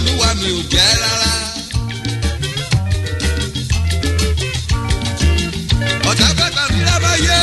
olúwa mi ò jẹ́ rárá. ọ̀tá bàbá mi lábáyé.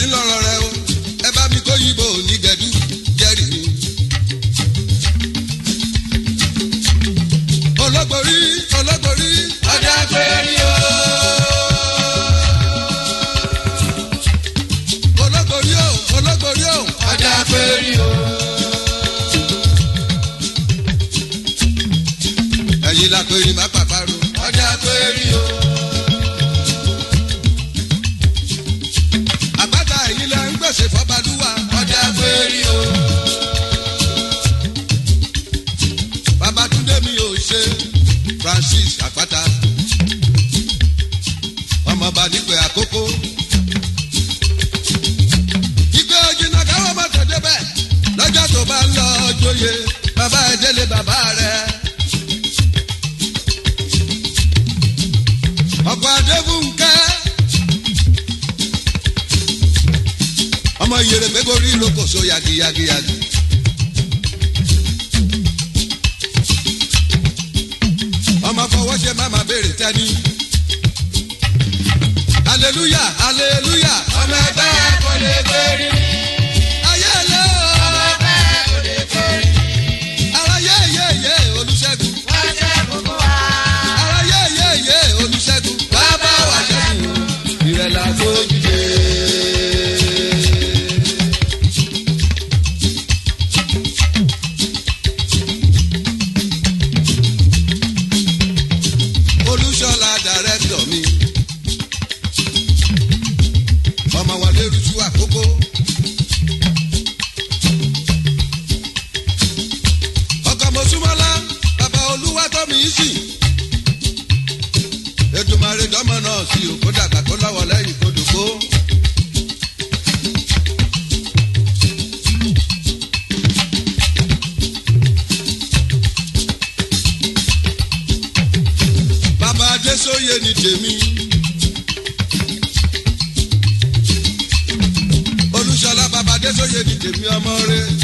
kí rẹ o. ni. ọmọ rẹ̀.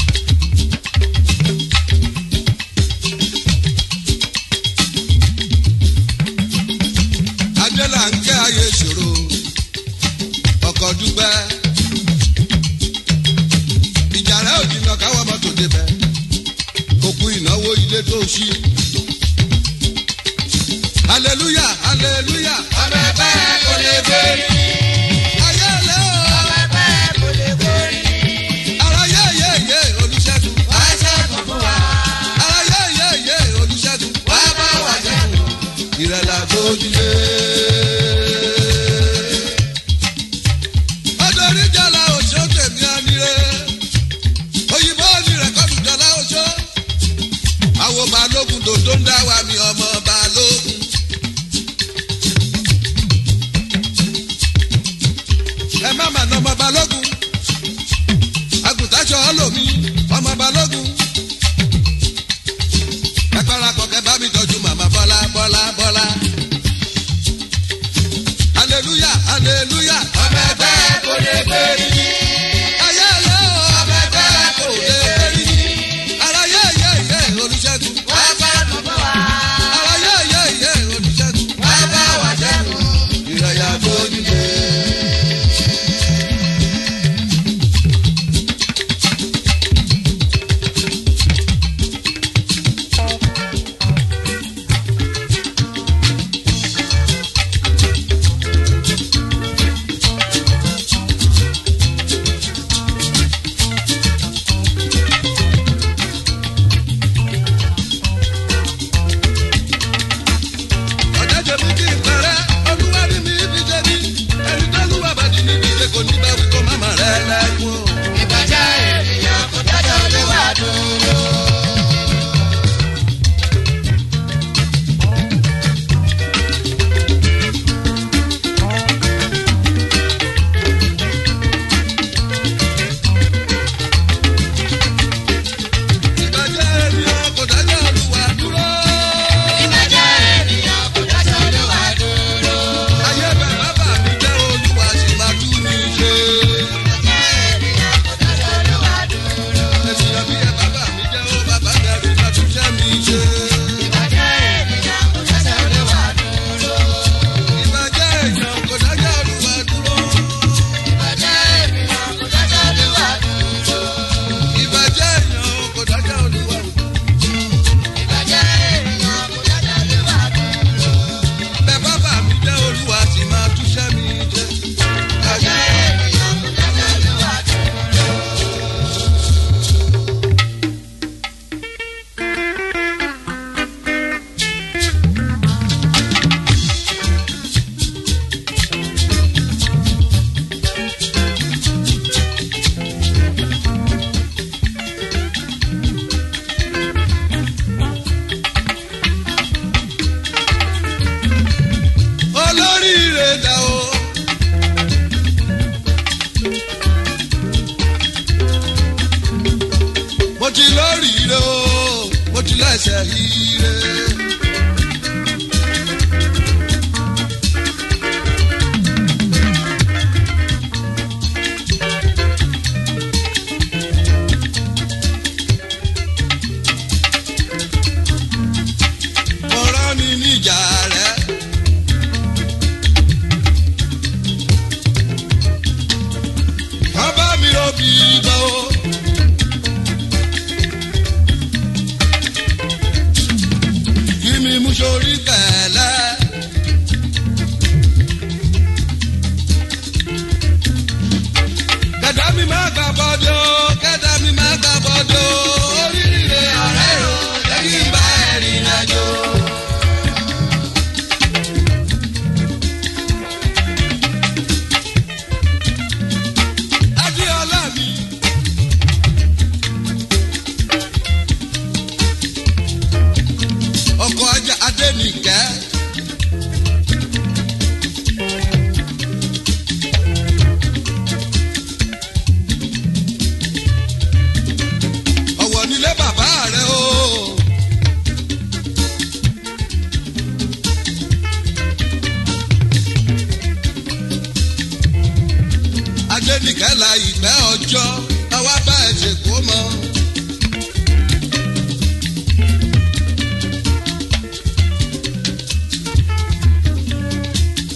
nìkẹ́là ìgbẹ́ ọjọ́ àwa bá ẹ̀ ṣe kó mọ́.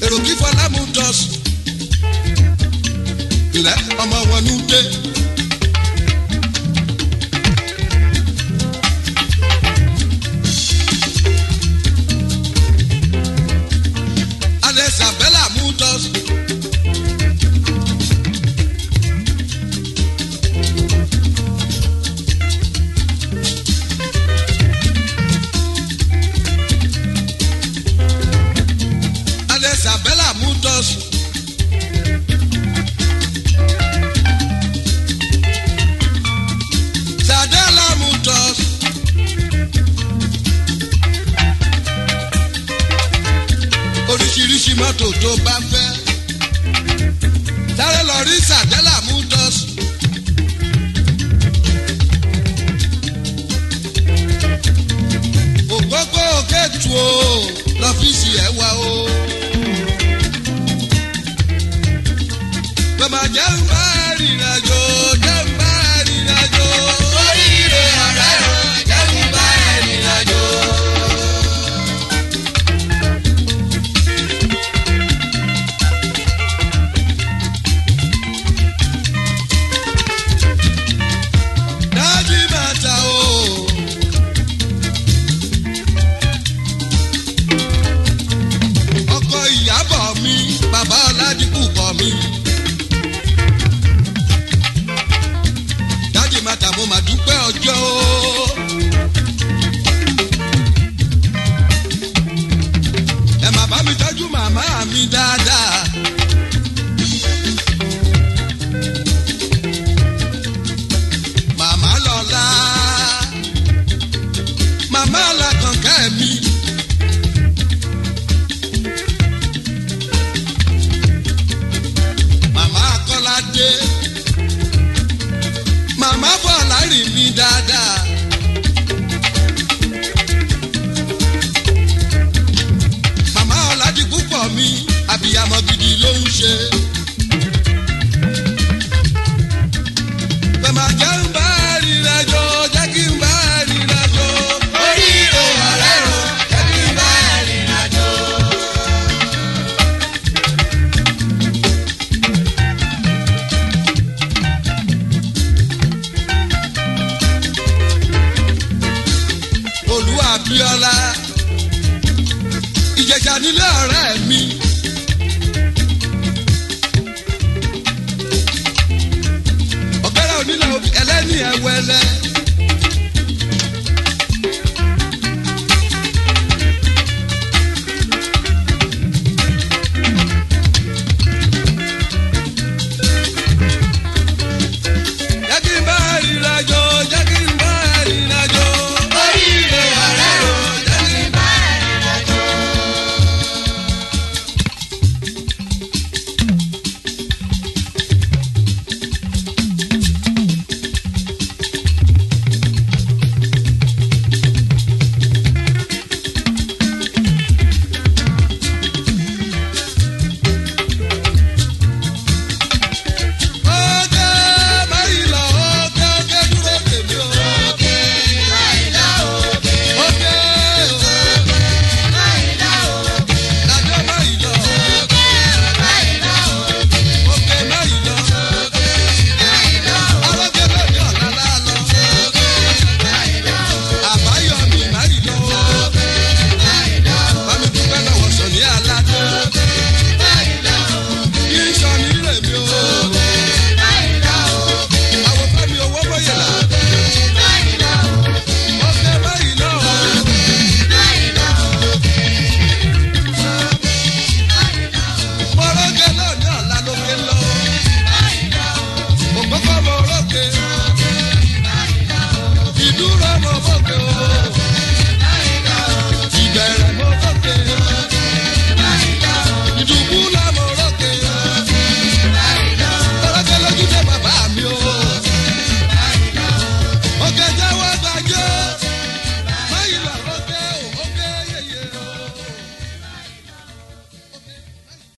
èrò kí fọlámù dọ̀sùn ìrẹ́ ọmọ wọn ní dé. Well.